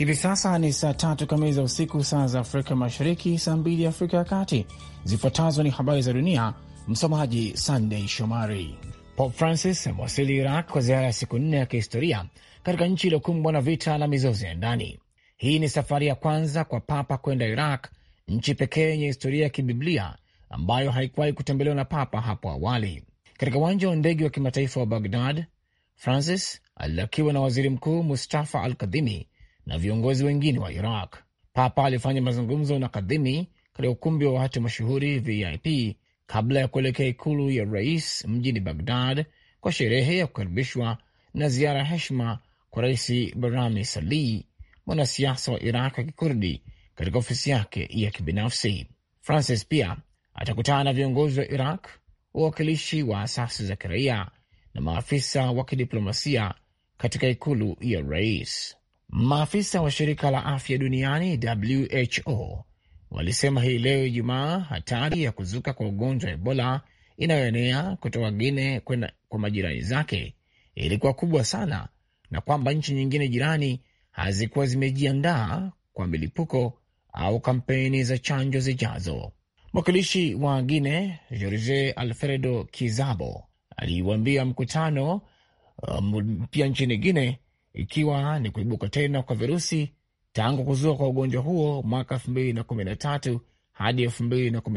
Hivi sasa ni saa tatu kamili za usiku, saa za Afrika Mashariki, saa mbili Afrika ya Kati. Zifuatazo ni habari za dunia, msomaji Sandey Shomari. Pope Francis amewasili Iraq kwa ziara ya siku nne ya kihistoria katika nchi iliyokumbwa na vita na mizozo ya ndani. Hii ni safari ya kwanza kwa Papa kwenda Iraq, nchi pekee yenye historia ya kibiblia ambayo haikuwahi kutembelewa na Papa hapo awali. Katika uwanja wa ndege wa kimataifa wa Bagdad, Francis alilakiwa na waziri mkuu Mustafa Al Kadhimi na viongozi wengine wa Iraq. Papa alifanya mazungumzo na kadhimi katika ukumbi wa watu mashuhuri VIP kabla ya kuelekea ikulu ya rais mjini Bagdad kwa sherehe ya kukaribishwa na ziara ya heshima kwa Rais barami Salih, mwanasiasa wa Iraq wa kikurdi katika ofisi yake ya kibinafsi. Francis pia atakutana na viongozi wa Iraq, wawakilishi wa asasi za kiraia na maafisa wa kidiplomasia katika ikulu ya rais. Maafisa wa shirika la afya duniani WHO walisema hii leo Ijumaa hatari ya kuzuka kwa ugonjwa wa Ebola inayoenea kutoka Guine kwenda kwa majirani zake ilikuwa kubwa sana, na kwamba nchi nyingine jirani hazikuwa zimejiandaa kwa milipuko au kampeni za chanjo zijazo. Mwakilishi wa Guine Jorge Alfredo Kizabo aliwambia mkutano uh, mpya um, nchini Guine ikiwa ni kuibuka tena kwa virusi tangu kuzua kwa ugonjwa huo mwaka tatu hadi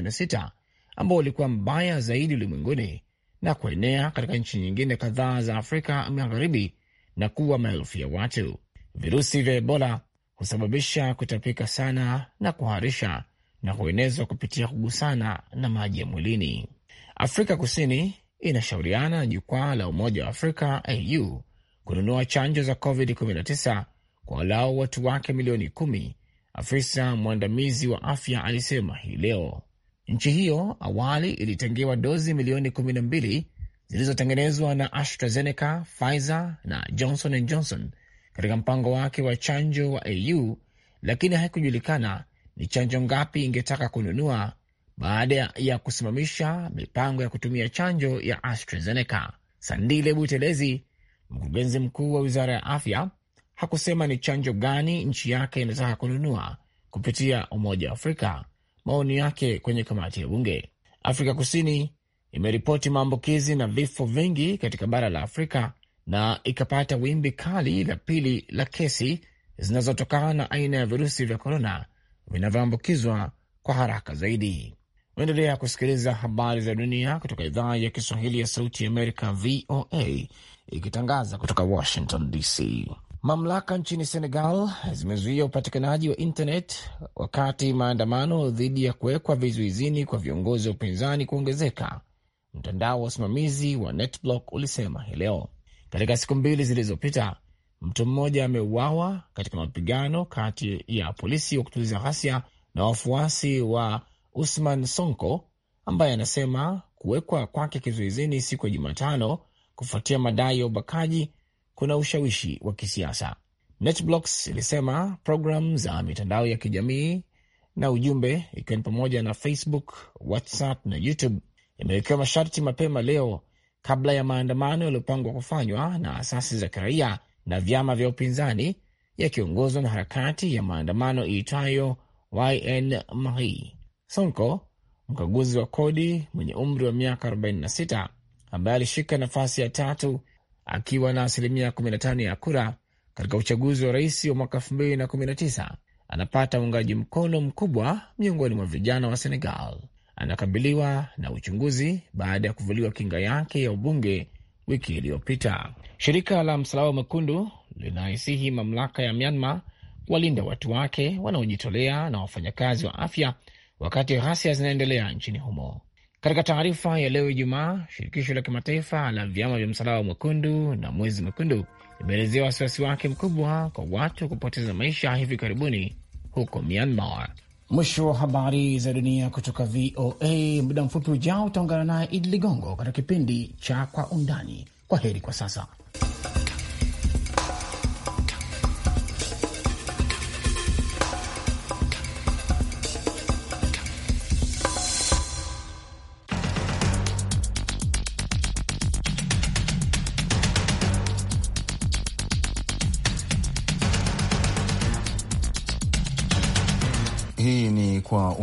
sita ambao ulikuwa mbaya zaidi ulimwenguni na kuenea katika nchi nyingine kadhaa za Afrika Magharibi na kuwa maelfu ya watu. Virusi vya Ebola husababisha kutapika sana na kuharisha na kuenezwa kupitia kugusana na maji ya mwilini. Afrika Kusini inashauriana na jukwaa la Umoja wa Afrika au kununua chanjo za COVID-19 kwa walau watu wake milioni kumi, afisa mwandamizi wa afya alisema hii leo. Nchi hiyo awali ilitengewa dozi milioni 12 zilizotengenezwa na AstraZeneca, Pfizer na Johnson and Johnson katika mpango wake wa chanjo wa AU, lakini haikujulikana ni chanjo ngapi ingetaka kununua baada ya kusimamisha mipango ya kutumia chanjo ya AstraZeneca. Sandile Butelezi Mkurugenzi mkuu wa wizara ya afya hakusema ni chanjo gani nchi yake inataka kununua kupitia Umoja wa Afrika. Maoni yake kwenye kamati ya bunge. Afrika Kusini imeripoti maambukizi na vifo vingi katika bara la Afrika na ikapata wimbi kali la pili la kesi zinazotokana na aina ya virusi vya korona vinavyoambukizwa kwa haraka zaidi. Unaendelea kusikiliza habari za dunia kutoka idhaa ya Kiswahili ya Sauti ya Amerika, VOA, ikitangaza kutoka Washington DC. Mamlaka nchini Senegal zimezuia upatikanaji wa internet wakati maandamano dhidi ya kuwekwa vizuizini kwa viongozi wa upinzani kuongezeka. Mtandao wa usimamizi wa NetBlock ulisema hii leo. Katika siku mbili zilizopita, mtu mmoja ameuawa katika mapigano kati ya polisi wa kutuliza ghasia na wafuasi wa Usman Sonko ambaye anasema kuwekwa kwake kizuizini siku ya Jumatano kufuatia madai ya ubakaji kuna ushawishi wa kisiasa. NetBlocks ilisema programu za mitandao ya kijamii na ujumbe ikiwa ni pamoja na Facebook, WhatsApp na YouTube imewekewa masharti mapema leo kabla ya maandamano yaliyopangwa kufanywa na asasi za kiraia na vyama vya upinzani yakiongozwa na harakati ya maandamano iitayo YN Marie. Sonko, mkaguzi wa kodi mwenye umri wa miaka 46 ambaye alishika nafasi ya tatu akiwa na asilimia 15 ya kura katika uchaguzi wa rais wa mwaka 2019 anapata uungaji mkono mkubwa miongoni mwa vijana wa Senegal. Anakabiliwa na uchunguzi baada ya kuvuliwa kinga yake ya ubunge wiki iliyopita. Shirika la Msalaba Mwekundu linaisihi mamlaka ya Myanmar walinda watu wake wanaojitolea na wafanyakazi wa afya wakati ghasia zinaendelea nchini humo. Katika taarifa ya leo Ijumaa, shirikisho la kimataifa la vyama vya Msalaba Mwekundu na Mwezi Mwekundu limeelezea wasiwasi wake mkubwa kwa watu kupoteza maisha hivi karibuni huko Myanmar. Mwisho wa habari za dunia kutoka VOA. Muda mfupi ujao utaungana naye Idi Ligongo katika kipindi cha Kwa Undani. Kwa heri kwa sasa.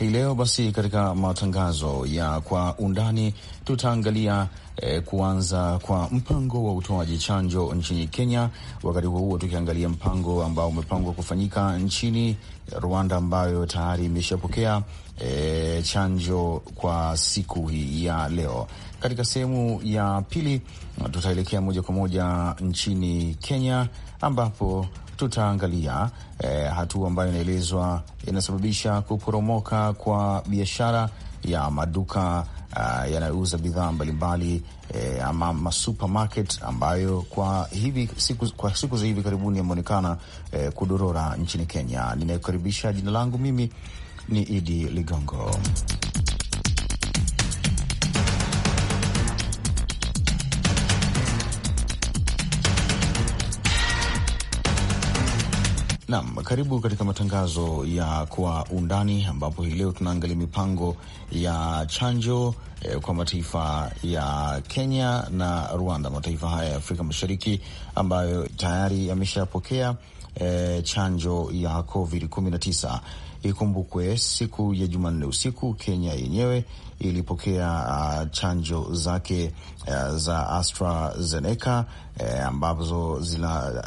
Hii leo basi katika matangazo ya kwa undani tutaangalia eh, kuanza kwa mpango wa utoaji chanjo nchini Kenya, wakati huo huo tukiangalia mpango ambao umepangwa kufanyika nchini Rwanda ambayo tayari imeshapokea eh, chanjo kwa siku hii ya leo. Katika sehemu ya pili tutaelekea moja kwa moja nchini Kenya ambapo tutaangalia eh, hatua ambayo inaelezwa inasababisha kuporomoka kwa biashara ya maduka uh, yanayouza bidhaa mbalimbali eh, ama masupermarket ambayo kwa hivi siku, kwa siku za hivi karibuni yameonekana eh, kudorora nchini Kenya. Ninayokaribisha, jina langu mimi ni Idi Ligongo. Naam, karibu katika matangazo ya kwa undani ambapo hii leo tunaangalia mipango ya chanjo eh, kwa mataifa ya Kenya na Rwanda, mataifa haya ya Afrika Mashariki ambayo tayari yameshapokea eh, chanjo ya COVID 19. Ikumbukwe siku ya Jumanne usiku Kenya yenyewe ilipokea uh, chanjo zake uh, za AstraZeneca uh, ambazo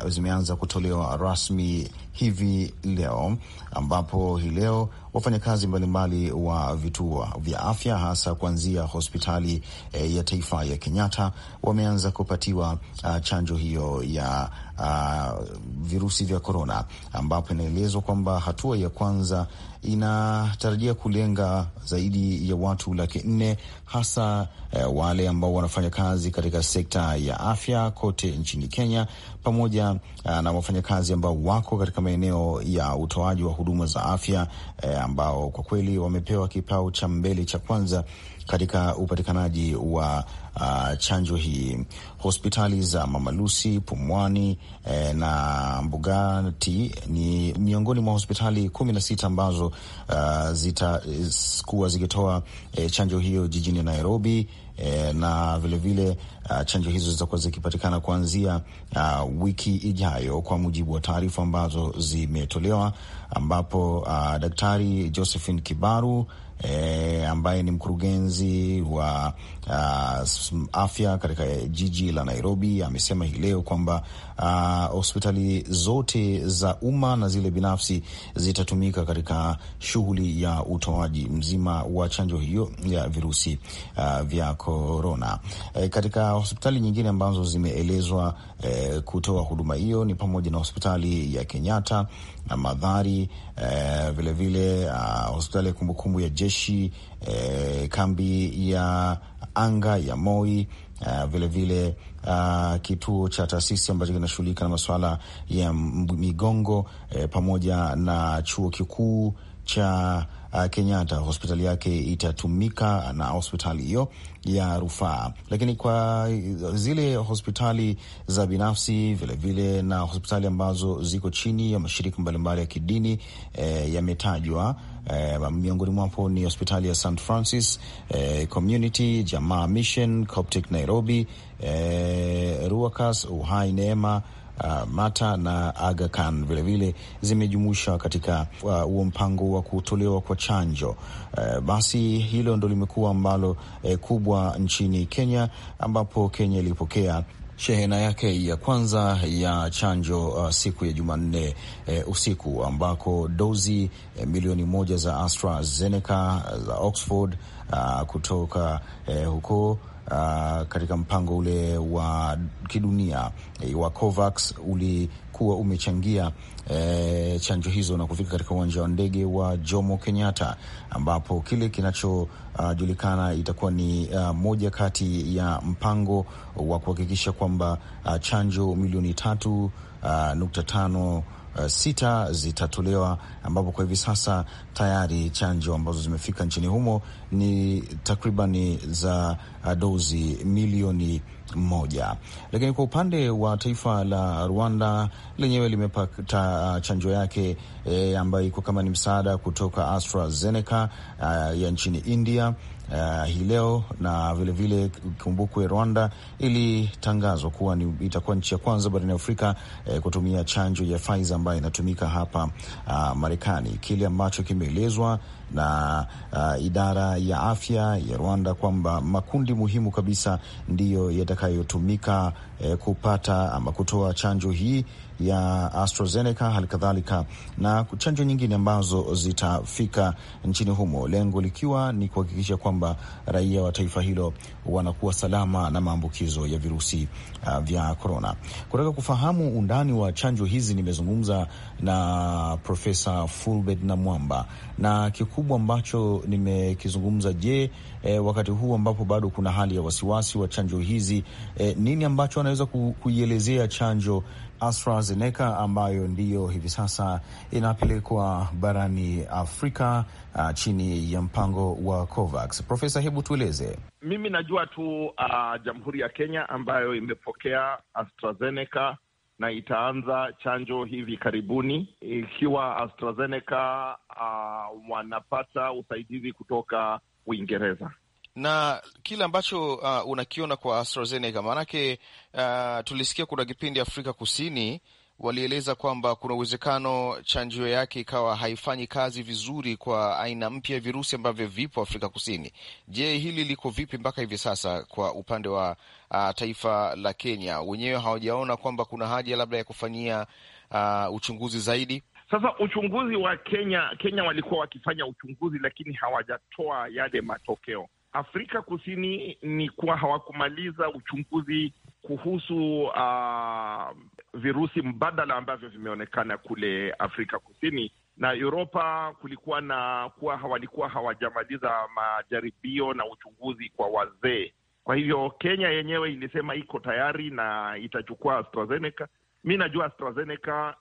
zimeanza kutolewa rasmi hivi leo, ambapo hii leo wafanyakazi mbalimbali wa vituo vya afya hasa kuanzia hospitali e, ya taifa ya Kenyatta wameanza kupatiwa a, ah, chanjo hiyo ya a, ah, virusi vya korona, ambapo inaelezwa kwamba hatua ya kwanza inatarajia kulenga zaidi ya watu laki nne hasa eh, wale ambao wanafanya kazi katika sekta ya afya kote nchini Kenya pamoja eh, na wafanyakazi ambao wako katika maeneo ya utoaji wa huduma za afya eh, ambao kwa kweli wamepewa kipao cha mbele cha kwanza katika upatikanaji wa uh, chanjo hii. Hospitali za Mama Lucy, Pumwani eh, na Mbugati ni miongoni mwa hospitali kumi na sita ambazo uh, zitakuwa zikitoa eh, chanjo hiyo jijini Nairobi eh, na vilevile vile, uh, chanjo hizo zitakuwa zikipatikana kuanzia uh, wiki ijayo kwa mujibu wa taarifa ambazo zimetolewa, ambapo uh, Daktari Josephine Kibaru e, ambaye ni mkurugenzi wa uh, afya katika jiji la Nairobi amesema hii leo kwamba hospitali uh, zote za umma na zile binafsi zitatumika katika shughuli ya utoaji mzima wa chanjo hiyo ya virusi uh, vya korona. E, katika hospitali nyingine ambazo zimeelezwa e, kutoa huduma hiyo ni pamoja na hospitali ya Kenyatta Madhari vilevile eh, uh, ah, uh, hospitali ya kumbukumbu ya jeshi uh, kambi ya anga ya Moi vilevile eh, uh, ah, Uh, kituo cha taasisi ambacho kinashughulika na masuala ya migongo pamoja na chuo kikuu cha uh, Kenyatta. Hospitali yake itatumika na hospitali hiyo ya rufaa, lakini kwa zile hospitali za binafsi vilevile vile, na hospitali ambazo ziko chini ya mashirika mbalimbali ya kidini eh, yametajwa. Eh, miongoni mwapo ni hospitali ya St Francis eh, Community, Jamaa Mission, Coptic Nairobi, eh, Ruakas, Uhai Neema uh, Mata na Aga Khan vilevile zimejumuishwa katika ah, huo uh, mpango wa kutolewa kwa chanjo uh, basi hilo ndo limekuwa ambalo uh, kubwa nchini Kenya ambapo Kenya ilipokea shehena yake ya kwanza ya chanjo uh, siku ya Jumanne uh, usiku ambako dozi uh, milioni moja za AstraZeneca za Oxford uh, kutoka uh, huko uh, katika mpango ule wa kidunia eh, wa COVAX ulikuwa umechangia eh, chanjo hizo na kufika katika uwanja wa ndege wa Jomo Kenyatta, ambapo kile kinachojulikana ah, uh, itakuwa ni uh, moja kati ya mpango wa kuhakikisha kwamba uh, chanjo milioni tatu uh, nukta tano Eh, sita zitatolewa, ambapo kwa hivi sasa tayari chanjo ambazo zimefika nchini humo ni takribani za eh, dozi milioni moja. Lakini kwa upande wa taifa la Rwanda lenyewe limepata eh, chanjo yake e, ambayo iko kama ni msaada kutoka AstraZeneca ya nchini India uh, hii leo na vilevile kumbukwe, Rwanda ilitangazwa kuwa ni, itakuwa nchi ya kwanza barani Afrika eh, kutumia chanjo ya Pfizer ambayo inatumika hapa uh, Marekani, kile ambacho kimeelezwa na uh, idara ya afya ya Rwanda kwamba makundi muhimu kabisa ndiyo yatakayotumika e, kupata ama kutoa chanjo hii ya AstraZeneca halikadhalika na chanjo nyingine ambazo zitafika nchini humo, lengo likiwa ni kuhakikisha kwamba raia wa taifa hilo wanakuwa salama na maambukizo ya virusi uh, vya korona. Kutaka kufahamu undani wa chanjo hizi nimezungumza na Profesa Fulbert Namwamba na kikubwa ambacho nimekizungumza. Je, e, wakati huu ambapo bado kuna hali ya wasiwasi wa chanjo hizi e, nini ambacho anaweza kuielezea chanjo AstraZeneca ambayo ndiyo hivi sasa inapelekwa barani Afrika a, chini ya mpango wa COVAX? Profesa, hebu tueleze. Mimi najua tu Jamhuri ya Kenya ambayo imepokea AstraZeneca na itaanza chanjo hivi karibuni, ikiwa AstraZeneca uh, wanapata usaidizi kutoka Uingereza na kile ambacho uh, unakiona kwa AstraZeneca maanake, uh, tulisikia kuna kipindi Afrika Kusini walieleza kwamba kuna uwezekano chanjo yake ikawa haifanyi kazi vizuri kwa aina mpya ya virusi ambavyo vipo Afrika Kusini. Je, hili liko vipi mpaka hivi sasa kwa upande wa uh, taifa la Kenya wenyewe hawajaona kwamba kuna haja labda ya kufanyia uh, uchunguzi zaidi? Sasa uchunguzi wa Kenya, Kenya walikuwa wakifanya uchunguzi lakini hawajatoa yale matokeo. Afrika Kusini ni kuwa hawakumaliza uchunguzi kuhusu uh, virusi mbadala ambavyo vimeonekana kule Afrika Kusini na Uropa. Kulikuwa na kuwa hawalikuwa hawajamaliza majaribio na uchunguzi kwa wazee. Kwa hivyo Kenya yenyewe ilisema iko tayari na itachukua AstraZeneca. Mi najua AstraZeneca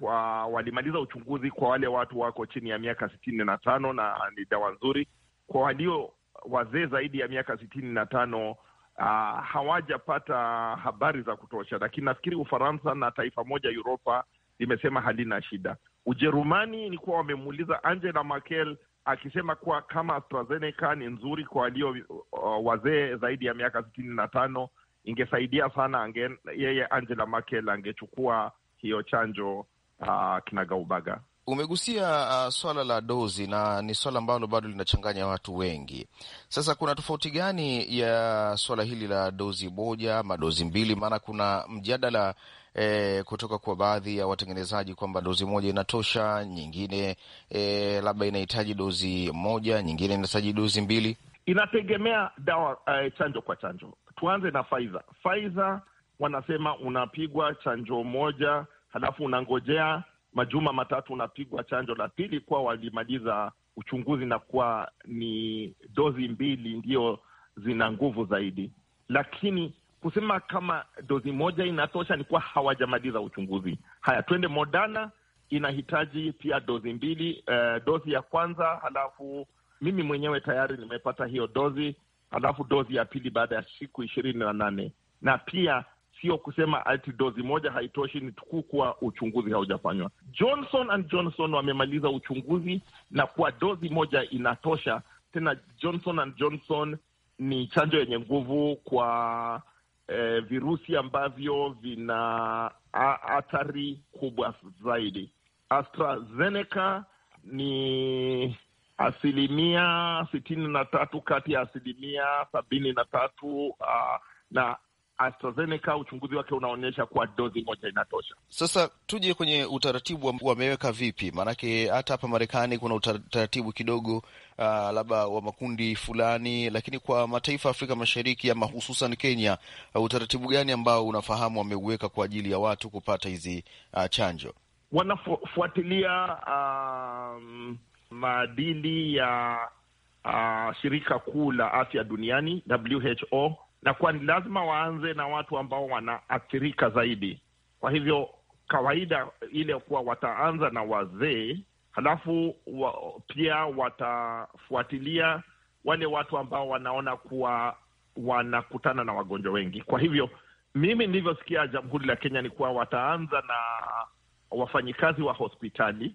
kwa walimaliza uchunguzi kwa wale watu wako chini ya miaka sitini na tano na ni dawa nzuri kwa walio wazee zaidi ya miaka sitini na tano uh, hawajapata habari za kutosha, lakini nafikiri Ufaransa na taifa moja Uropa limesema halina shida. Ujerumani ilikuwa wamemuuliza Angela Merkel akisema kuwa kama AstraZeneca ni nzuri kwa walio uh, wazee zaidi ya miaka sitini na tano ingesaidia sana ange, yeye Angela Merkel angechukua hiyo chanjo uh, kinagaubaga umegusia uh, swala la dozi na ni swala ambalo bado linachanganya watu wengi. Sasa kuna tofauti gani ya swala hili la dozi moja ama dozi mbili? Maana kuna mjadala E, kutoka kwa baadhi ya watengenezaji kwamba dozi moja inatosha, nyingine e, labda inahitaji dozi moja, nyingine inahitaji dozi mbili. Inategemea dawa uh, chanjo kwa chanjo. Tuanze na Pfizer. Pfizer wanasema unapigwa chanjo moja halafu unangojea majuma matatu unapigwa chanjo la pili, kuwa walimaliza uchunguzi na kuwa ni dozi mbili ndio zina nguvu zaidi, lakini kusema kama dozi moja inatosha ni kuwa hawajamaliza uchunguzi. Haya, twende Moderna inahitaji pia dozi mbili, uh, dozi ya kwanza, halafu mimi mwenyewe tayari nimepata hiyo dozi, halafu dozi ya pili baada ya siku ishirini na nane na pia sio kusema ati dozi moja haitoshi, ni tukuu kuwa uchunguzi haujafanywa. Johnson and Johnson wamemaliza uchunguzi na kuwa dozi moja inatosha. Tena Johnson and Johnson ni chanjo yenye nguvu kwa eh, virusi ambavyo vina hatari kubwa zaidi. AstraZeneca ni asilimia sitini na tatu kati ya asilimia sabini na tatu uh, na AstraZeneca uchunguzi wake unaonyesha kuwa dozi moja inatosha. Sasa tuje kwenye utaratibu wameweka vipi, maanake hata hapa Marekani kuna utaratibu kidogo uh, labda wa makundi fulani, lakini kwa mataifa ya Afrika Mashariki ama hususan Kenya, uh, utaratibu gani ambao unafahamu wameuweka kwa ajili ya watu kupata hizi uh, chanjo? Wanafuatilia um, maadili ya uh, shirika kuu la afya duniani WHO na kwa ni lazima waanze na watu ambao wanaathirika zaidi. Kwa hivyo kawaida ile kuwa wataanza na wazee, halafu wa, pia watafuatilia wale watu ambao wanaona kuwa wanakutana na wagonjwa wengi. Kwa hivyo mimi nilivyosikia Jamhuri la Kenya ni kuwa wataanza na wafanyikazi wa hospitali.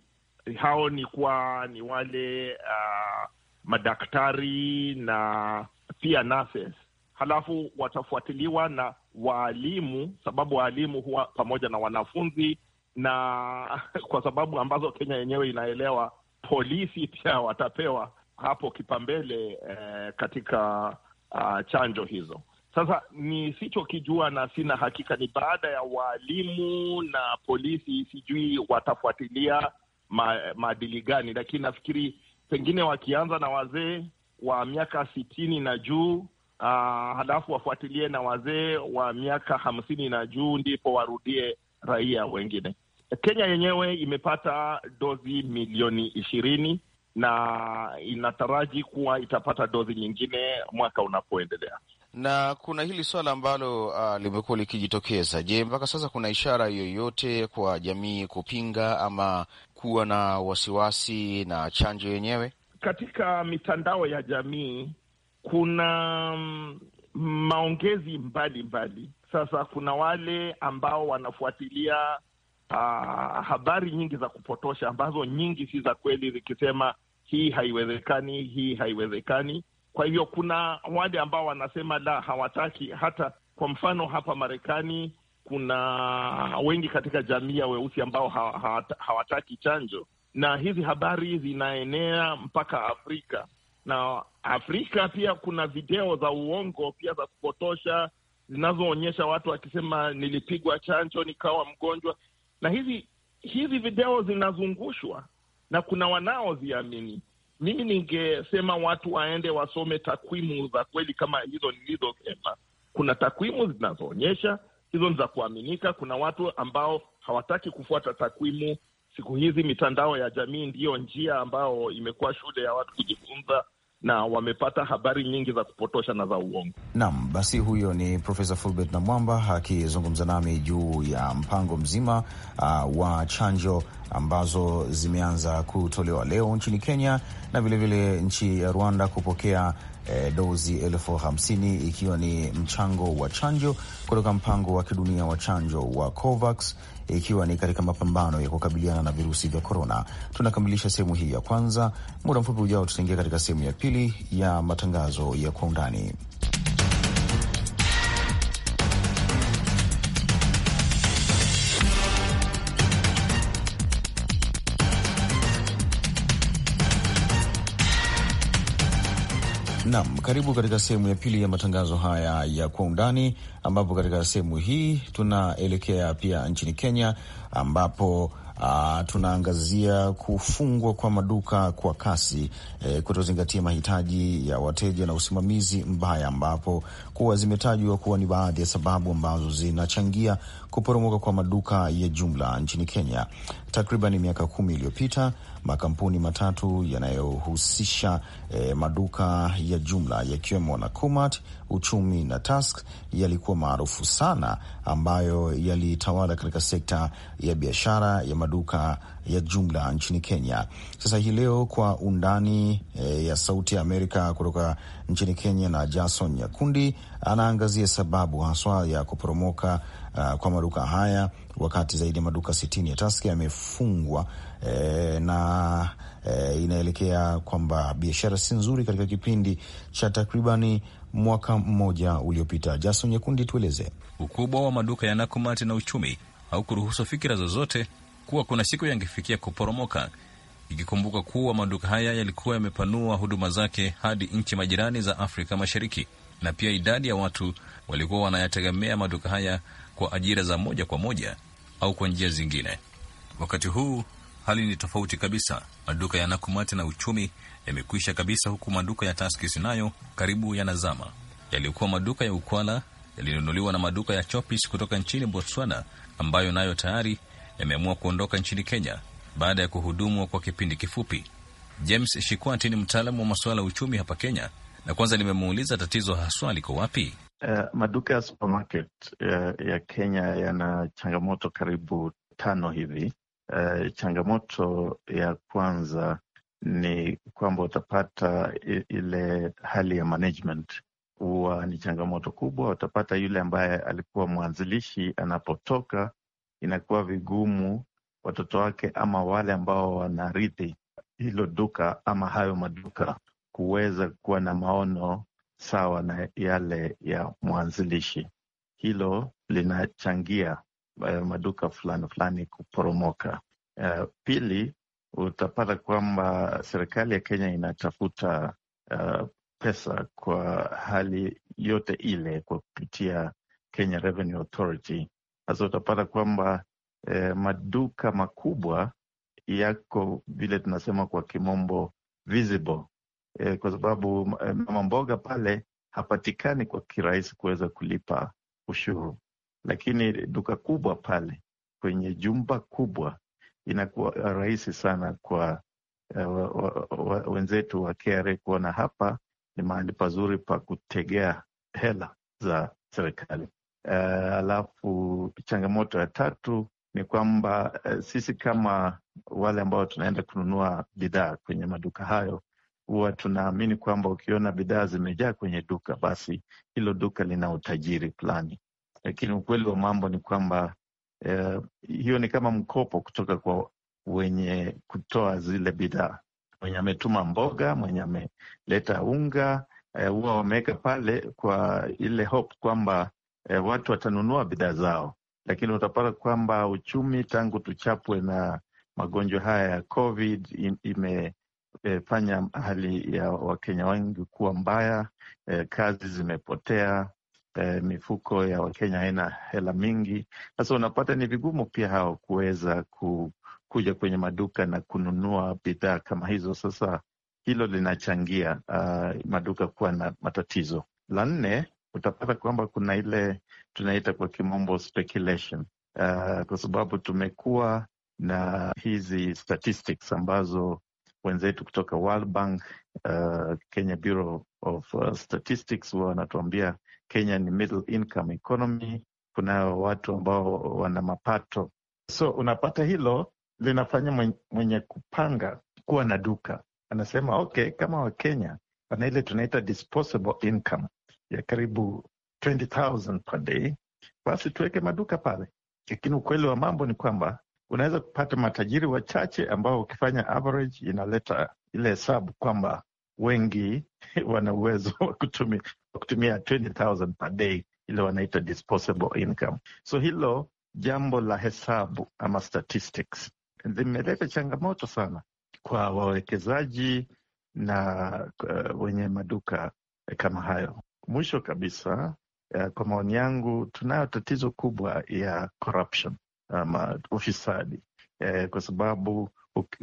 Hao ni kuwa ni wale uh, madaktari na pia nurses halafu watafuatiliwa na waalimu, sababu waalimu huwa pamoja na wanafunzi, na kwa sababu ambazo Kenya yenyewe inaelewa, polisi pia watapewa hapo kipambele eh, katika uh, chanjo hizo. Sasa nisichokijua na sina hakika ni baada ya waalimu na polisi, sijui watafuatilia ma, maadili gani, lakini nafikiri pengine wakianza na wazee wa miaka sitini na juu uh, halafu wafuatilie na wazee wa miaka hamsini na juu, ndipo warudie raia wengine. Kenya yenyewe imepata dozi milioni ishirini na inataraji kuwa itapata dozi nyingine mwaka unapoendelea. Na kuna hili swala ambalo uh, limekuwa likijitokeza. Je, mpaka sasa kuna ishara yoyote kwa jamii kupinga ama kuwa na wasiwasi na chanjo yenyewe? Katika mitandao ya jamii kuna mm, maongezi mbalimbali mbali. Sasa kuna wale ambao wanafuatilia uh, habari nyingi za kupotosha ambazo nyingi si za kweli, zikisema hii haiwezekani, hii haiwezekani. Kwa hivyo kuna wale ambao wanasema la, hawataki hata. Kwa mfano hapa Marekani kuna wengi katika jamii ya weusi ambao hawataki chanjo, na hizi habari zinaenea mpaka Afrika na Afrika pia kuna video za uongo pia za kupotosha zinazoonyesha watu wakisema nilipigwa chanjo nikawa mgonjwa, na hizi hizi video zinazungushwa na kuna wanaoziamini. Mimi ningesema watu waende wasome takwimu za kweli kama hizo nilizosema. Kuna takwimu zinazoonyesha hizo ni za kuaminika. Kuna watu ambao hawataki kufuata takwimu. Siku hizi mitandao ya jamii ndiyo njia ambayo imekuwa shule ya watu kujifunza na wamepata habari nyingi za kupotosha na za uongo. Naam, basi huyo ni Profesa Fulbert Namwamba akizungumza nami juu ya mpango mzima uh, wa chanjo ambazo zimeanza kutolewa leo nchini Kenya na vilevile nchi ya Rwanda kupokea E, dozi elfu hamsini ikiwa ni mchango wa chanjo kutoka mpango wa kidunia wa chanjo wa COVAX ikiwa ni katika mapambano ya kukabiliana na virusi vya korona. Tunakamilisha sehemu hii ya kwanza. Muda mfupi ujao, tutaingia katika sehemu ya pili ya matangazo ya kwa undani. Nam, karibu katika sehemu ya pili ya matangazo haya ya kwa undani, ambapo katika sehemu hii tunaelekea pia nchini Kenya ambapo Uh, tunaangazia kufungwa kwa maduka kwa kasi eh, kutozingatia mahitaji ya wateja na usimamizi mbaya, ambapo kuwa zimetajwa kuwa ni baadhi ya sababu ambazo zinachangia kuporomoka kwa maduka ya jumla nchini Kenya. Takriban miaka kumi iliyopita makampuni matatu yanayohusisha eh, maduka ya jumla yakiwemo Kumat, Uchumi na Task yalikuwa maarufu sana, ambayo yalitawala katika sekta ya biashara ya maduka ya jumla nchini Kenya. Sasa hii leo kwa undani e, ya Sauti ya Amerika kutoka nchini Kenya na Jason Nyakundi anaangazia sababu haswa ya kuporomoka uh, kwa maduka haya, wakati zaidi ya maduka sitini ya Taski yamefungwa e, na e, inaelekea kwamba biashara si nzuri katika kipindi cha takribani mwaka mmoja uliopita. Jason Nyakundi, tueleze ukubwa wa maduka ya Nakumatt na uchumi au kuruhusu fikira zozote kuwa kuna siku yangefikia kuporomoka, ikikumbuka kuwa maduka haya yalikuwa yamepanua huduma zake hadi nchi majirani za Afrika Mashariki, na pia idadi ya watu walikuwa wanayategemea maduka haya kwa ajira za moja kwa moja au kwa njia zingine. Wakati huu hali ni tofauti kabisa. Maduka ya nakumati na Uchumi yamekwisha kabisa, huku maduka ya Taskis nayo karibu yanazama. Yaliyokuwa maduka ya Ukwala yalinunuliwa na maduka ya Chopis kutoka nchini Botswana, ambayo nayo tayari yameamua kuondoka nchini Kenya baada ya kuhudumu kwa kipindi kifupi. James Shikwati ni mtaalamu wa masuala ya uchumi hapa Kenya, na kwanza nimemuuliza tatizo haswa liko wapi. Uh, maduka ya supermarket ya, eh, ya Kenya yana changamoto karibu tano hivi. Uh, changamoto ya kwanza ni kwamba utapata ile hali ya management huwa ni changamoto kubwa. Utapata yule ambaye alikuwa mwanzilishi anapotoka inakuwa vigumu watoto wake ama wale ambao wanarithi hilo duka ama hayo maduka kuweza kuwa na maono sawa na yale ya mwanzilishi. Hilo linachangia eh, maduka fulani fulani kuporomoka. Uh, pili, utapata kwamba serikali ya Kenya inatafuta uh, pesa kwa hali yote ile kwa kupitia Kenya Revenue Authority Hasa utapata kwamba eh, maduka makubwa yako vile tunasema kwa kimombo visible eh, kwa sababu eh, mama mboga pale hapatikani kwa kirahisi kuweza kulipa ushuru, lakini duka kubwa pale kwenye jumba kubwa inakuwa rahisi sana kwa eh, wenzetu wa KRA kuona hapa ni mahali pazuri pa kutegea hela za serikali. Eh, alafu changamoto ya tatu ni kwamba uh, sisi kama wale ambao tunaenda kununua bidhaa kwenye maduka hayo huwa tunaamini kwamba ukiona bidhaa zimejaa kwenye duka, basi hilo duka lina utajiri fulani, lakini ukweli wa mambo ni kwamba uh, hiyo ni kama mkopo kutoka kwa wenye kutoa zile bidhaa. Mwenye ametuma mboga, mwenye ameleta unga, huwa uh, wameweka pale kwa ile hope kwamba e, watu watanunua bidhaa zao, lakini utapata kwamba uchumi tangu tuchapwe na magonjwa haya ya COVID imefanya e, hali ya Wakenya wengi kuwa mbaya. E, kazi zimepotea. E, mifuko ya Wakenya haina hela mingi. Sasa unapata ni vigumu pia hao kuweza ku, kuja kwenye maduka na kununua bidhaa kama hizo. Sasa hilo linachangia uh, maduka kuwa na matatizo. La nne utapata kwamba kuna ile tunaita kwa kimombo speculation uh, kwa sababu tumekuwa na hizi statistics ambazo wenzetu kutoka World Bank, uh, Kenya Bureau of uh, Statistics wanatuambia Kenya ni middle income economy. Kuna watu ambao wana mapato, so unapata hilo linafanya mwenye kupanga kuwa na duka anasema okay, kama Wakenya wana ile tunaita disposable income ya karibu 20,000 per day, basi tuweke maduka pale. Lakini ukweli wa mambo ni kwamba unaweza kupata matajiri wachache ambao ukifanya average inaleta ile hesabu kwamba wengi wana uwezo wa kutumia, kutumia 20,000 per day, ile wanaita disposable income. So hilo jambo la hesabu ama statistics limeleta changamoto sana kwa wawekezaji na uh, wenye maduka kama hayo. Mwisho kabisa, eh, kwa maoni yangu tunayo tatizo kubwa ya corruption ama ufisadi eh, kwa sababu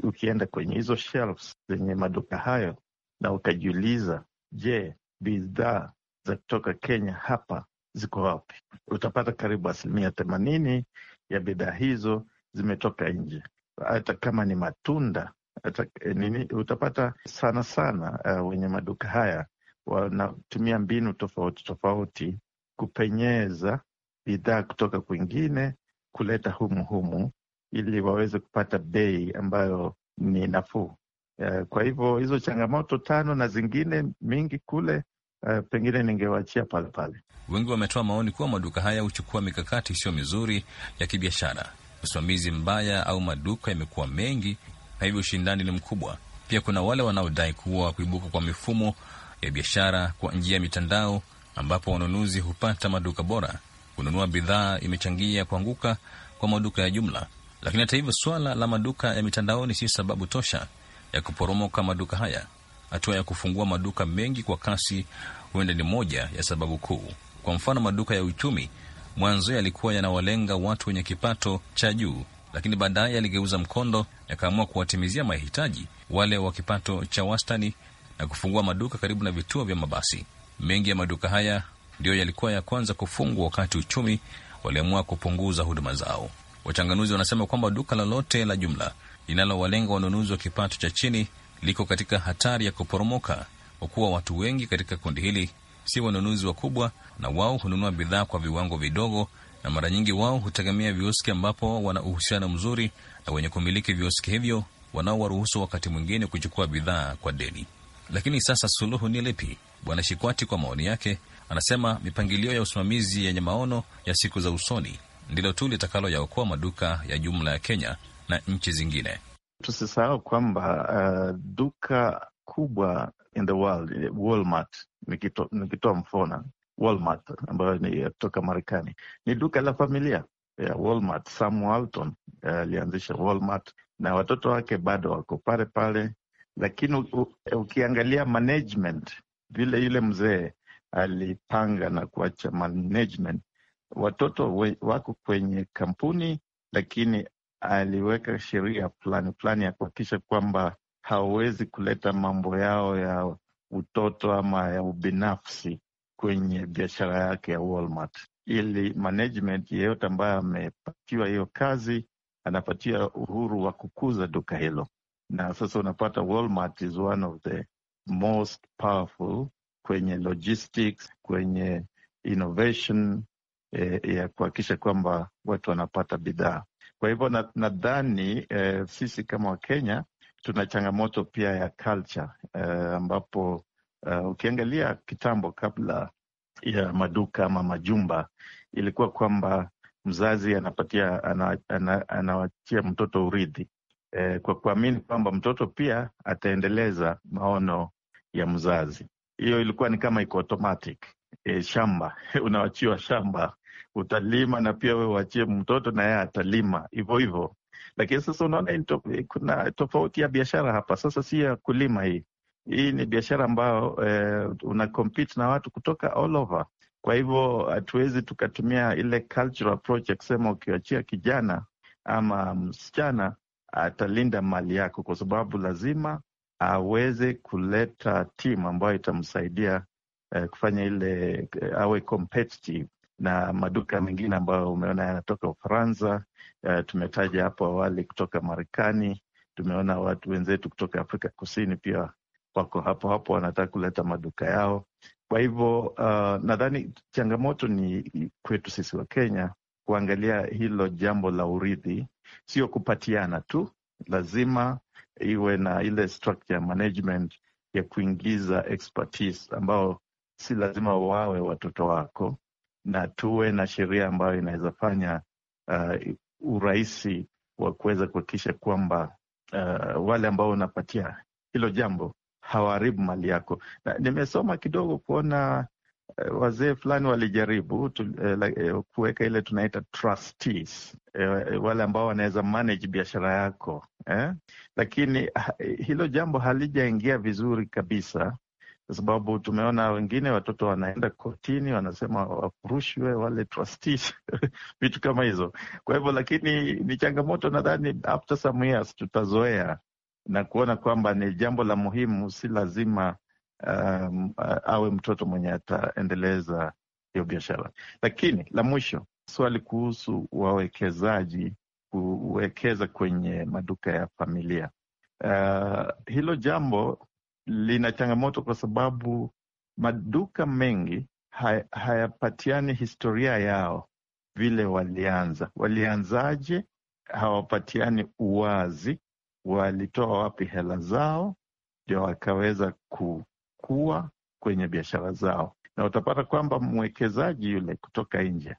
ukienda kwenye hizo shelves zenye maduka hayo na ukajiuliza, je, bidhaa za kutoka Kenya hapa ziko wapi? Utapata karibu asilimia themanini ya bidhaa hizo zimetoka nje. Hata kama ni matunda hata, eh, nini, utapata sana sana uh, wenye maduka haya wanatumia mbinu tofauti tofauti kupenyeza bidhaa kutoka kwingine kuleta humu humu ili waweze kupata bei ambayo ni nafuu. Eh, kwa hivyo hizo changamoto tano na zingine mingi kule eh, pengine ningewachia pale pale. Wengi wametoa maoni kuwa maduka haya huchukua mikakati isiyo mizuri ya kibiashara, usimamizi mbaya, au maduka yamekuwa mengi na hivyo ushindani ni mkubwa. Pia kuna wale wanaodai kuwa kuibuka kwa mifumo ya biashara kwa njia ya mitandao ambapo wanunuzi hupata maduka bora kununua bidhaa imechangia kuanguka kwa maduka ya jumla. Lakini hata hivyo, swala la maduka ya mitandaoni si sababu tosha ya kuporomoka maduka haya. Hatua ya kufungua maduka mengi kwa kasi huenda ni moja ya sababu kuu. Kwa mfano, maduka ya uchumi mwanzo yalikuwa yanawalenga watu wenye kipato cha juu, lakini baadaye yaligeuza mkondo, yakaamua kuwatimizia mahitaji wale wa kipato cha wastani na kufungua maduka karibu na vituo vya mabasi. Mengi ya maduka haya ndiyo yalikuwa ya kwanza kufungwa wakati uchumi waliamua kupunguza huduma zao. Wachanganuzi wanasema kwamba duka lolote la jumla linalowalenga wanunuzi wa kipato cha chini liko katika hatari ya kuporomoka kwa kuwa watu wengi katika kundi hili si wanunuzi wakubwa, na wao hununua bidhaa kwa viwango vidogo, na mara nyingi wao hutegemea vioski ambapo wana uhusiano mzuri na wenye kumiliki vioski hivyo wanaowaruhusu wakati mwingine kuchukua bidhaa kwa deni. Lakini sasa suluhu ni lipi? Bwana Shikwati kwa maoni yake anasema mipangilio ya usimamizi yenye maono ya siku za usoni ndilo tu litakalo yaokoa maduka ya jumla ya Kenya na nchi zingine. Tusisahau kwamba uh, duka kubwa in the world Walmart, nikitoa mfano Walmart ambayo ni toka Marekani, ni duka la familia ya Walmart. Sam Walton uh, alianzisha uh, Walmart na watoto wake bado wako pale pale, lakini ukiangalia management vile yule mzee alipanga na kuacha management, watoto we, wako kwenye kampuni, lakini aliweka sheria fulani fulani ya kuhakikisha kwamba hawawezi kuleta mambo yao ya utoto ama ya ubinafsi kwenye biashara yake ya Walmart, ili management yeyote ambayo amepatiwa hiyo kazi anapatia uhuru wa kukuza duka hilo na sasa unapata Walmart is one of the most powerful kwenye logistics, kwenye innovation eh, ya kuhakikisha kwamba watu wanapata bidhaa. Kwa hivyo nadhani na eh, sisi kama Wakenya tuna changamoto pia ya culture eh, ambapo eh, ukiangalia kitambo kabla ya maduka ama majumba ilikuwa kwamba mzazi anapatia ana, ana, ana mtoto urithi e, kwa kuamini kwamba mtoto pia ataendeleza maono ya mzazi. Hiyo ilikuwa ni kama iko automatic. E, shamba unawachiwa shamba, utalima na pia we uachie mtoto na yeye atalima hivyo hivyo. Lakini sasa unaona kuna tofauti ya biashara hapa sasa, si ya kulima hii hii ni biashara ambayo eh, una compete na watu kutoka all over. Kwa hivyo hatuwezi tukatumia ile cultural approach ya kusema ukiachia kijana ama msichana atalinda mali yako, kwa sababu lazima aweze kuleta timu ambayo itamsaidia eh, kufanya ile eh, awe competitive na maduka mengine ambayo umeona yanatoka Ufaransa. Eh, tumetaja hapo awali kutoka Marekani. Tumeona watu wenzetu kutoka Afrika Kusini pia wako hapo hapo, wanataka kuleta maduka yao. Kwa hivyo uh, nadhani changamoto ni kwetu sisi wa Kenya kuangalia hilo jambo la urithi, sio kupatiana tu, lazima iwe na ile structure management ya kuingiza expertise ambao si lazima wawe watoto wako, na tuwe na sheria ambayo inaweza fanya uh, urahisi wa kuweza kuhakikisha kwamba uh, wale ambao wanapatia hilo jambo hawaharibu mali yako. Na nimesoma kidogo kuona Eh, wazee fulani walijaribu eh, eh, kuweka ile tunaita trustees eh, eh, wale ambao wanaweza manage biashara yako eh, lakini ah, hilo jambo halijaingia vizuri kabisa kwa sababu tumeona wengine watoto wanaenda kotini, wanasema wafurushwe wale trustees vitu kama hizo. Kwa hivyo, lakini ni changamoto, nadhani after some years tutazoea na kuona kwamba ni jambo la muhimu, si lazima um, awe mtoto mwenye ataendeleza hiyo biashara. Lakini la mwisho, swali kuhusu wawekezaji kuwekeza kwenye maduka ya familia. Uh, hilo jambo lina changamoto kwa sababu maduka mengi hay, hayapatiani historia yao vile walianza, walianzaje, hawapatiani uwazi, walitoa wapi hela zao ndio wakaweza ku, kuwa kwenye biashara zao, na utapata kwamba mwekezaji yule kutoka nje,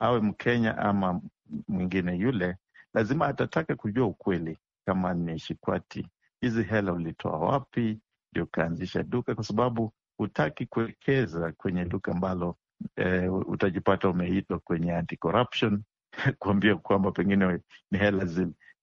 awe Mkenya ama mwingine yule, lazima atataka kujua ukweli, kama ni shikwati, hizi hela ulitoa wapi ndio ukaanzisha duka, kwa sababu hutaki kuwekeza kwenye duka ambalo e, utajipata umeitwa kwenye anti-corruption kuambia kwamba pengine ni hela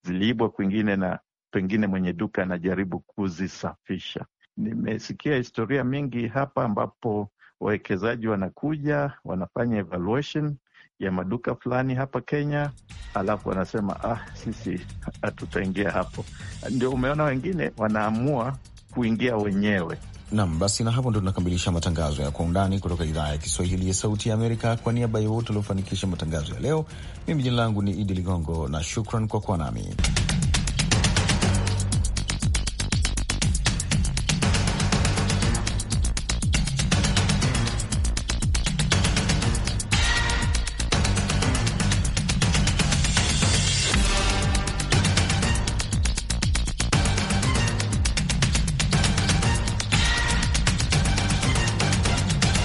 ziliibwa kwingine na pengine mwenye duka anajaribu kuzisafisha. Nimesikia historia mingi hapa ambapo wawekezaji wanakuja wanafanya evaluation ya maduka fulani hapa Kenya, alafu wanasema ah, sisi hatutaingia hapo. Ndio umeona wengine wanaamua kuingia wenyewe. Nam basi, na hapo ndo tunakamilisha matangazo ya kwa undani kutoka idhaa ya Kiswahili ya Sauti ya Amerika. Kwa niaba ya wote waliofanikisha matangazo ya leo, mimi jina langu ni Idi Ligongo na shukran kwa kuwa nami.